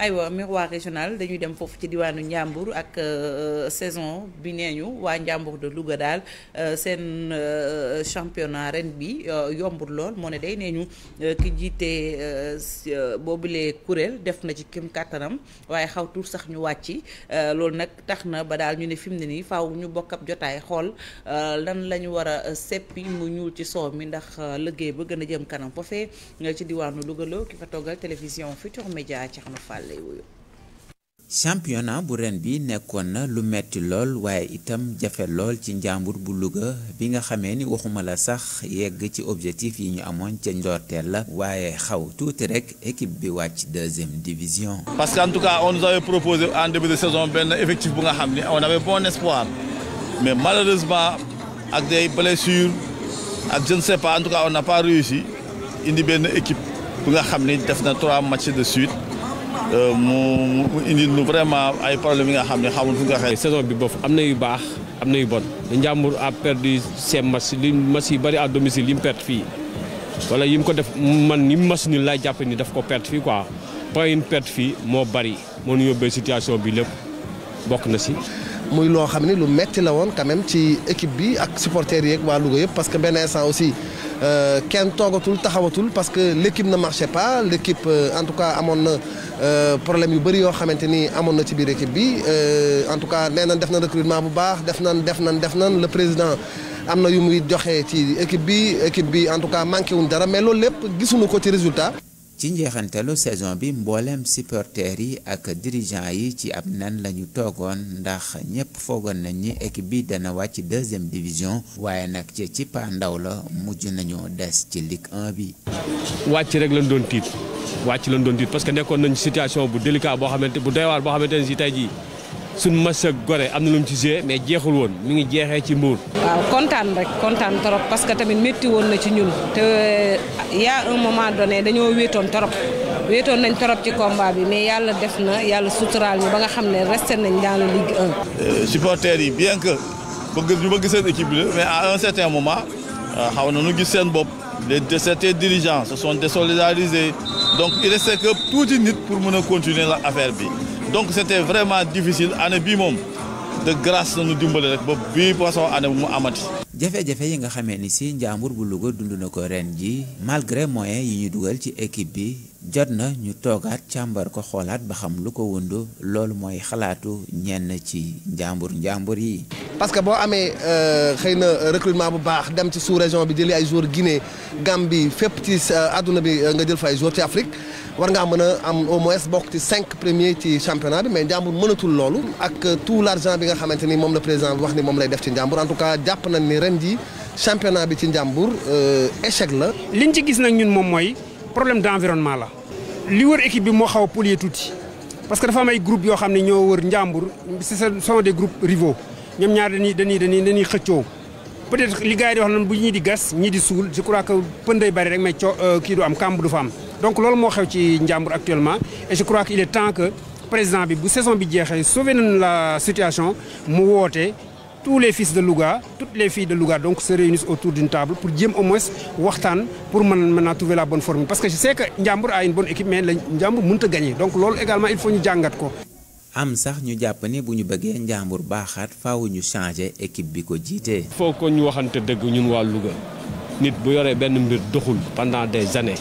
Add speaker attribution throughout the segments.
Speaker 1: aywa miroir régional dañuy dem foofu ci diwaanu Njàmbur ak euh, euh, saison bi nee ñu waa Njàmbur de Louga daal euh, seen championnat ren bi yombul lool moo ne day nee ñu ki jiite boobulee kuréel def na ci kim kàttanam waaye xaw tuur sax ñu wàcc loolu nag tax na ba daal ñu ne fi mu ne nii faw ñu bokk ab jotaay xool lan lañu ñu war a seppi mu ñuul ci soow mi ndax lëggéey ba gën a jëm kanam foofee ci diwaanu Louga la ki fa toggal télévision Futurs média Thierno Fall lay
Speaker 2: championnat bu ren bi nekkoon na lu metti lool waaye itam jafe lool ci njàmbur bu Louga bi nga xamee ni waxuma la sax yegg ci objectif yi ñu amoon ca ndoorteel la waaye xaw tuuti rek équipe bi wàcc deuxième division.
Speaker 3: parce que en tout cas on nous avait proposé en début de saison benn effectif bu nga xam ni on avait bon espoir mais malheureusement ak des blessures ak je ne sais on n'a pas réussi indi benn équipe bu nga xam ni def na trois matchs de suite.
Speaker 4: Euh, mu mu indi nu vraiment ay problème yi nga xam ne xamul fu nga xee saison bi boofu am na yu baax am na yu bon Ndiambour a perdu ses matchs li match yu bëri à domicile yi mu perte fii wala yi mu ko def man ni match ni laa jàpp ni daf ko perte fii quoi point yi perte fii moo bari moo ñu yóbbee situation bi lépp bokk na si
Speaker 5: muy loo xam ni lu metti la woon quand même ci équipe bi ak supporters yeeg waa Louga yëpp parce que benn sant aussi euh, kenn toogatul taxawatul parce que l' na marché marchait pas l' euh, en tout cas amoon na euh, problème yu bari yoo xamante ni amoon na ci biir équipe bi en tout cas nee nañ def na recrutement bu baax def na def nañ def nañ le président am na yu muy joxe ci équipe bi équipe bi en tout cas manqué wuñ dara mais loolu lépp gisuñu ko ci résultat.
Speaker 2: ci njeexanteelu saison bi mboolem supporters yi ak dirigeants yi ci ab nen lañu toogoon ndax ñépp foogoon nañ ni équipe bi dana wàcc deuxième division waaye nag ci ci paa ndaw la mujj nañu des ci Ligue 1 bi.
Speaker 4: wàcc rek lañ doon tiit wàcc lañ doon tiit parce nekkoon nañ situation bu délicat boo xamante bu doy boo xamante ne si tey jii. suñ match gore am na lu mu ci joué mais jeexul woon mu ngi jeexee ci Mbour.
Speaker 1: waaw kontaan rek kontaan trop parce que tamit métti woon na ci ñun te y a un moment donné dañoo wéetoon trop wéetoon nañ trop ci combat bi mais yàlla def na yàlla suturaal ñu ba nga xam ne resté nañ dans la Ligue
Speaker 3: 1. Euh, supporters yi bien que bëgg ñu bëgg seen équipe la mais à un certain moment euh, xaw na nu gis seen bopp les certains dirigeants se sont désolidarisés donc il restait que tuuti nit pour mën a
Speaker 2: continuer la affaire bi. donc c' était vraiment difficile année bi moom de grâce nañu dimbali rek ba bii façon année bu mu amati jafe-jafe yi nga xamee ni si Njàmbur bu Louga dund na ko ren ji malgré moyens yi ñu dugal ci équipe bi jot na ñu toogaat càmbar ko xoolaat ba xam lu ko wundu loolu mooy xalaatu ñenn ci Njàmbur Njàmbur yi.
Speaker 5: parce que boo amee euh, xëy na euh, recrutement bu baax dem ci sous région bi jëli ay joueurs Guinée Gambie fépp ci àdduna euh, bi nga jël fa ay joueurs ci Afrique. war ngaa mën a am au moins bokk ci cinq premiers ci championnat bi mais Ndiambour mënatul loolu ak tout l'argent bi nañ ni ren ren ji championnat bi ci Njàmbur euh, échec la.
Speaker 4: liñ ci gis nag ñun moom mooy problème d' environnement la. li wër équipe bi moo xaw a polier tuuti parce que dafa am ay yoo xam ne ñoo wër Njàmbur ce sont des rivaux ñoom ñaar dañuy dañuy xëccoo peut-être li di wax noonu bu ñii gas ñii suul je crois que bari rek mais coo euh, kii du am kàmb du fa am. donc loolu moo xew ci Njàmbur actuellement et je crois qu'il est temps président bi bu saison bi jeexee sauver la situation tous les fils de luga toutes les filles de Louga donc se réunissent autour d'une table pour jéem au moins waxtaan pour mën mën a trouver la bonne formule parce que je sais que Njàmbur a une bonne équipe mais la Njàmbur a gagner donc loolu
Speaker 2: également il faut ñu jàngat ko. am sax ñu jàpp ni bu ñu bëggee Njàmbur baaxaat faaw ñu changer équipe bi ko jiitee. foo ko ñu waxante dëgg ñun waa luga nit bu yoree benn
Speaker 4: mbir doxul pendant des années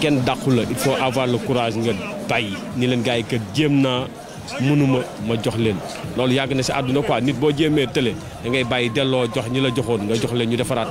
Speaker 4: kenn dàqu la il faut avoir le courage nga yi kat jéem naa. mënuma ma jox leen loolu yàgg na si àdduna quoi nit boo jéemee tële dangay bàyyi delloo jox ñi la joxoon nga jox leen ñu defaraat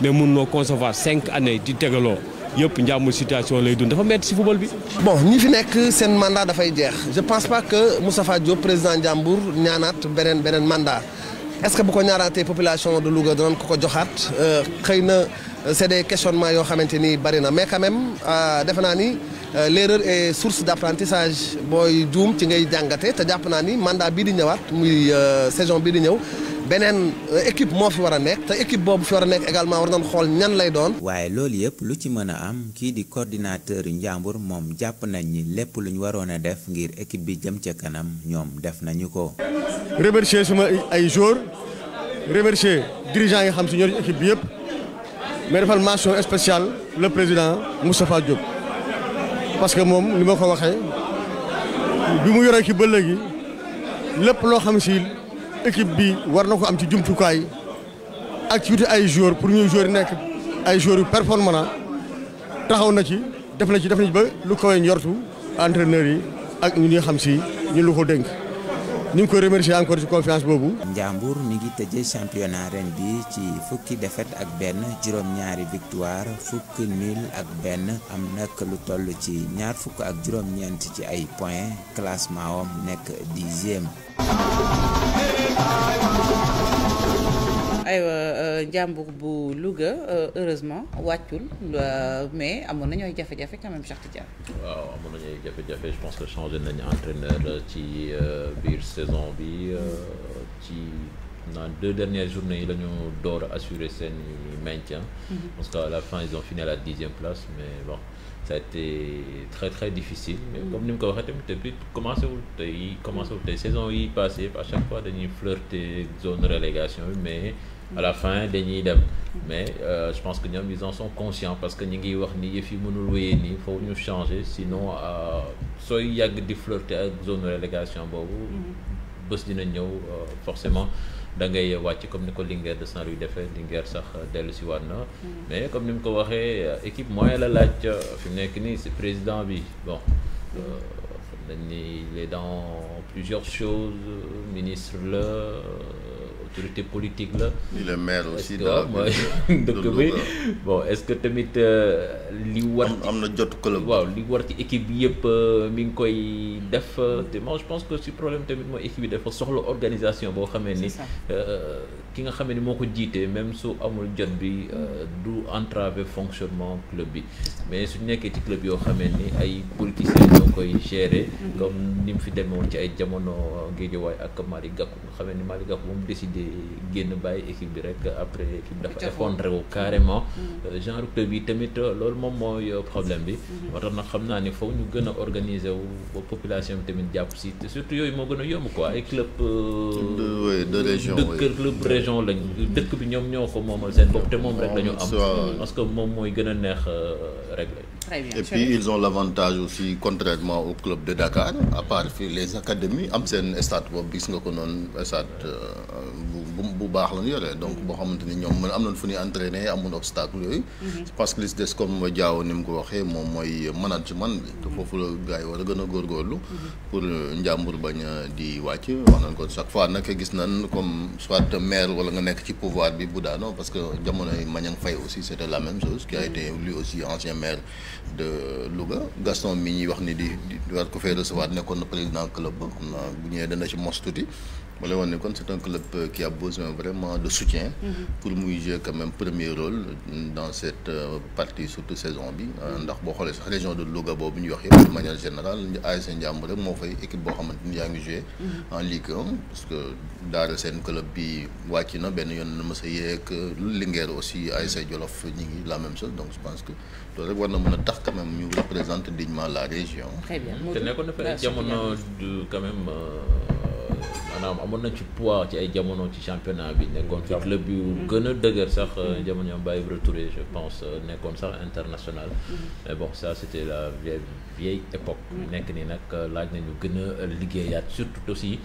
Speaker 4: mais mun noo concevoir cinq années di tegaloo yëpp njàmbur situation lay dund dafa metti si football bi.
Speaker 5: bon ñi fi nekk seen mandat dafay jeex je pense pas que Moustapha Diop président Ndiambour ñaanaat beneen beneen mandat est-ce que bu ko ñaaraatee population de luga danoon ko ko joxaat euh, xëy na euh, c'est des questionnements yoo xamante ni bari na mais quand même euh, defe naa ni. Euh, l'erreur est source d'apprentissage booy juum ci ngay jàngate te jàpp naa ni mandat bii di ñëwaat muy euh, saison bii di ñëw beneen euh, équipe moo fi war a nekk te équipe boobu fi war a nekk également war nañ xool ñan lay doon. waaye
Speaker 2: loolu yëpp lu ci mën a am kii di coordinateur yu Njàmbur moom jàpp nañ ni lépp lu ñu waroon a def ngir équipe bi jëm ca kanam ñoom def nañu ko.
Speaker 5: remercier suma ay joueurs remercier dirigeants yi xam si ñoom équipe bi yëpp mais defal spéciale président Moustapha Diop. parce que moom ni ma ko waxee bi mu yoree ci ba léegi lépp loo xam si équipe bi war na ko am ci jumtukaay ak ci wuti ay joueurs pour ñuy joure yi nekk ay joueurs yu performant taxaw na ci def na ci def na ci ba lu kawee njortu entraîneurs yi ak ñu nga xam si ñu lu ko dénk ñu ngi koy remercier encore ci confiance boobu.
Speaker 2: Ndiambour mi ngi tëjee championnat ren bi ci fukki defet ak benn juróom-ñaari victoire fukki nul ak benn am nak lu toll ci ñaar fukk ak juróom-ñeent ci ay points classement wam nekk dixième.
Speaker 1: aywa euh, njàmbur bu Louga euh, heureusement wàccul euh, mais amoon nañu ay jafe-jafe quand même Cheikh Tidiane.
Speaker 6: waaw amoon nañu ay jafe-jafe je pense que changé nañu entraîneur ci biir saison bi ci. nan deux dernières journées yi la ñu door assurer seen maintien mhm. parce qu'à la fin ils ont fini à la dixième place mais bon ça a été très très difficile mais mhm. comme ni mu ko waxee tamit depuis commencé wul tey commencé wul tey saison yi passé à chaque fois dañuy flirter zone relégation bi mais à la fin dañuy dem mais euh, je pense que ñoom ils en sont conscients parce que ñu ngiy wax ni yëf yi mënul wéyee nii foofu ñu changer sinon euh, sooy yàgg di flirter ak zone relégation boobu mm-hmm. bés dina ñëw euh, forcément da ngay wàcc comme ni ko Linguère de Saint-Louis defee Linguère sax dellu si waat na mm-hmm. mais comme ni mu ko waxee euh, équipe moyen la laaj fi mu nekk nii si président bi bon mm-hmm. xam nañ ni il est dans plusieurs choses ministre la autorité politique la. ni le mooy dëkk bi bon est-ce que tamit li war. am na jot club waaw li war ci équipe bi yëpp mi ngi koy def te moi je pense que si problème tamit mooy équipe bi dafa soxla organisation boo xamee ni. ki nga xamee ni moo ko jiitee même su amul jot bi euh, du entraver fonctionnement club bi mais su nekkee ci club yoo xamee ni ay politiciens ñoo koy gérer. Mm-hmm. comme ni mu fi demoon ci ay jamono Guédiawaye ak Malick Gakou nga xamee ni Malick Gakou moom décidé génn bàyyi équipe bi rek après équipe dafa effondré wu carrément mm-hmm. euh, genre club yi tamit euh, loolu moom mooy problème bi mm-hmm. moo tax xam naa ni foog ñu gën a organiser wu population tamit jàpp si te surtout yooyu moo gën a yomb ko ay club de région région lañ dëkk bi ñoom ñoo ko moomal seen bopp te moom rek la am parce que moom mooy gën a neex euh, régler. très bien et puis ils ont
Speaker 3: l'avantage aussi contrairement au club de Dakar à part fii les académies am seen stade boobu gis nga ko noonu stade euh, bu baax la ñu yore donc boo xamante ni ñoom mën am na fu ñuy entraîner amun obstacle yooyu. Mhm. parce que li des comme Diaw ni mu ko waxee moom mooy management bi. te foofu la gars yi war a gën a góorgóorlu. Mhm. pour euh, njàmbur bañ a di wàcc wax nañ nga nekk ci pouvoir bi bu daanoo parce que jamonoy Mañang Faye aussi c'était la même chose qui a mhm. été maire de Louga Gaston mi ñuy wax ni di di war ko fay recevoir nekkoon na président club ba xam naa bu ñëwee dana ci mos tuuti ma lay wax ne kon c'est un club euh, qui a besoin vraiment de soutien. Mm-hmm. pour muy jouer quand même premier rôle dans cette euh, partie surtout saison bi. Euh, ndax boo xoolee sax région de Louga boobu ñuy wax yëpp de manière générale ASC Ndiambour rek moo fay équipe boo xamante ni yaa ngi joué. Mm-hmm. en Ligue parce que daara seen club bi wàcc na benn yoon na mës a yeeg Linguère aussi ASC mm-hmm. Jolof ñi ngi la même chose donc je pense que loolu rek war na mën a tax quand même ñu représente dignement
Speaker 6: maanaam amoon na ci poids ci ay jamono ci championnat bi nekkoon fi mm. club yu mm. gën a dëgër sax mm. euh, jamono yam Baye Ibra Touré je pense euh, nekkoon sax international mais bon ça c' était la vieille vieille époque nekk ni nag euh, laaj nañu gën liggéeyaat surtout aussi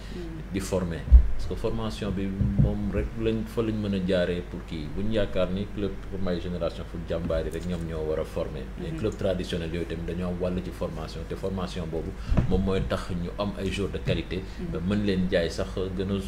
Speaker 6: di former parce que formation bi moom rek lañ fa lañu mën a jaaree pour kii bu yaakaar ni club comme ay génération foot jàmbaar yi rek ñoom ñoo war a former mm-hmm. mais club traditionnel yooyu tamit dañoo am wàll ci formation te formation boobu moom mooy tax ñu am ay joueurs de qualité mm-hmm. mën leen jaay sax sax gën a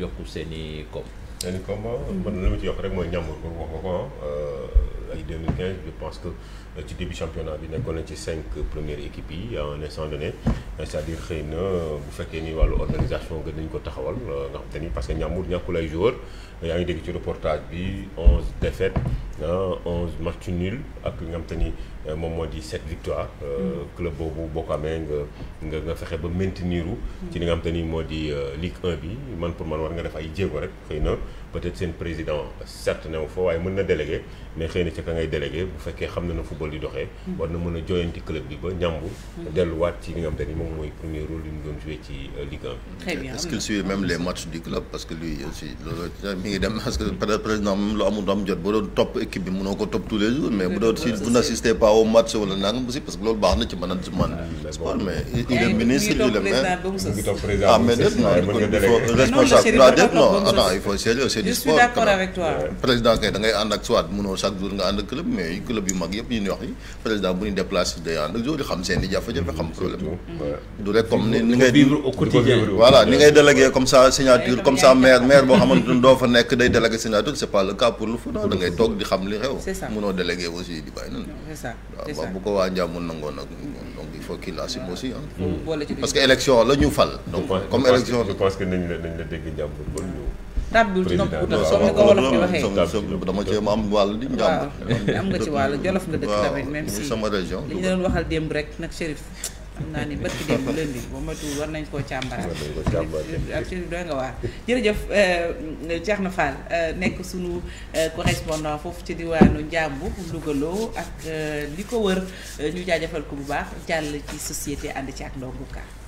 Speaker 6: yokk seen i koom. seen i koom man mm-hmm. li ma ci yokk rek mooy ñamur ko wax nga ko euh, ay je
Speaker 4: pense que euh, ci début championnat bi nekkoon nañ ci cinq premières équipes yi à un instant donné c'est-à-dire xëy na euh, bu fekkee ni wàllu organisation gën nañ ko taxawal nga xam te ni parce que ñamur ñàkkul ay joueurs yaa ngi dégg ci reportage bi 11 défaites. onze match nul ak nga xam te ni euh, moom moo di sept victoire euh, mm. club boobu boo ko amee nga nga nga fexe ba maintenir mm. ci li nga xam te ni moo di euh, Ligue 1 bi man pour man war nga def ay jéego rek xëy na peut-être seen président certes new fa waaye mën na délégué mais xëy na ca ka ngay délégué bu fekkee xam na na football di doxee mm. war na mën a joyanti club bi ba ñàmbu delluwaat ci li nga xam te ni moom mooy premier rôle li mu doon joué ci Ligue 1 parce que lui aussi
Speaker 3: loolu mi ngi équipe bi mënoo ko topp tous les jours mais bu doon si vous pas au match wala nangam aussi parce que loolu baax na ci management sport mais il est président kay da ànd ak soit mënoo chaque jour nga ànd ak club mais club yu mag yëpp yi ñuy wax yi président bu ñu déplacé day ànd ak jour di xam seen i jafe-jafe xam problème du rek comme ni ni ngay vivre comme ça signature comme ça maire maire boo xamante doo fa nekk day délégué signature c'est pas xam li xew. c'est ça munoo délégué aussi di
Speaker 1: bàyyi noonu. c'est ça bu
Speaker 3: ko waa Njàmbur nangoo nag donc il faut fal. comme élection
Speaker 1: je ci nopp utal
Speaker 3: soo di waxee dama am nga ci
Speaker 1: wàll jolof nga dëkk tamit sama région. li ñu doon waxal démb rek nag Chérif. xam naa ni bët ki dem lëndi ba matul war nañ koo càmbaraat ak ci doy nga waar jërëjëf euh, Thierno Fall euh, nekk sunu euh, correspondant foofu ci diwaanu Njàmbu Lougaloo ak li ko wër ñu jaajëfal ko bu baax jàll ci société ànd ci ak ndonguka